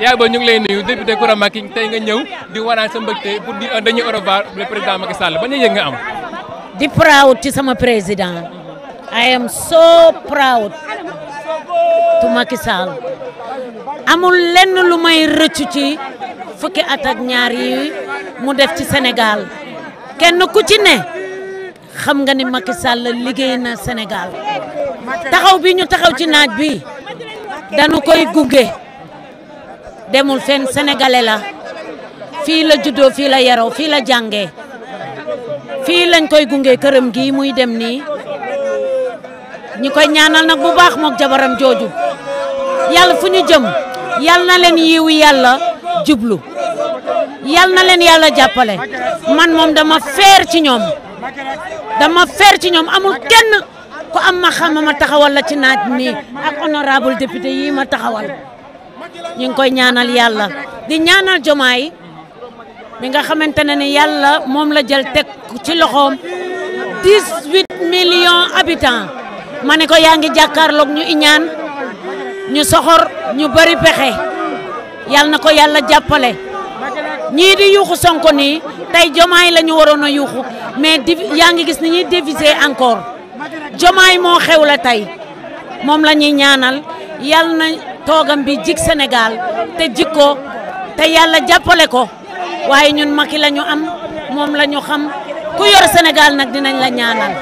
yaay booy ñu ngi lay nuyu député Koura Macky tey nga ñëw di wanaan sa mbëgte pour di dañuy au revoir président Macky Sall ba ñu yëg nga am. di proud ci sama président. I am so proud to Macky Sall amul lenn lu may rëccu ci fukki at ak ñaar yi mu def ci Sénégal kenn ku ci ne xam nga ni Macky Sall liggéey na Sénégal taxaw bi ñu taxaw ci naaj bi dañu koy gunge. demul fenn sénégalais fii la juddoo fii la yaroo fii la jàngee fii lañ koy gunge këram gi muy dem nii ñi koy ñaanal nag bu baax mook jabaram jooju yàlla fu ñu jëm yàlla na leen yiwu yàlla jublu yàlla na leen yàlla jàppale man moom dama feer ci ñoom dama feer ci ñoom amul kenn ku am ma xam ma taxawal la ci naaj nii ak honorable député yi ma taxawal ñu ngi koy ñaanal yàlla di ñaanal Diomaye bi nga xamante ne ni yàlla moom la jël teg ci loxoom dix huit millions habitants ma ne ko yaa ngi jàkkaarloog ñu iñaan ñu soxor ñu bari pexe yàlla na ko yàlla jàppale ñii di yuuxu Sonko nii tey Diomaye la ñu waroon a yuuxu mais di yaa ngi gis ni ñuy diviser encore Diomaye moo xew la tey moom la ñaanal yàlla na toogam bi jik Sénégal te jik ko te yàlla jàppale ko waaye ñun Macky la ñu am moom la ñu xam ku yor Sénégal nag dinañ la ñaanal.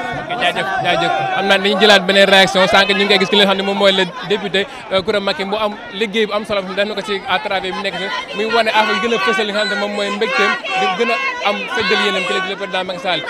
jaajëf jaajëf xam naa dañuy jëlaat beneen réaction sànq ñu ngi gis ki nga xam ne moom mooy la député Koura euh, Macky mu am liggéey bu am solo def na ko ci à bi nekk fi muy wane affaire gën a fësal li nga xam ne moom mooy mbégteem di gën a am fëddal yéenam ki la président Macky Sall